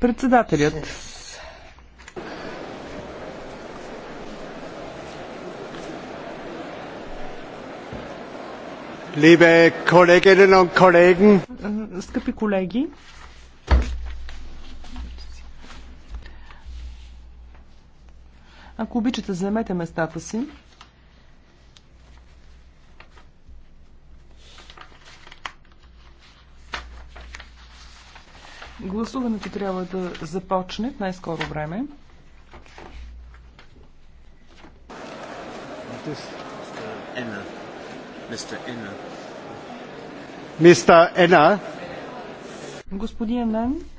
Председателят. Либе колеги, und е, скъпи колеги, ако обичате, заемете местата си. Гласуването трябва да започне в най-скоро време. Мистер Ена. Господин Нен.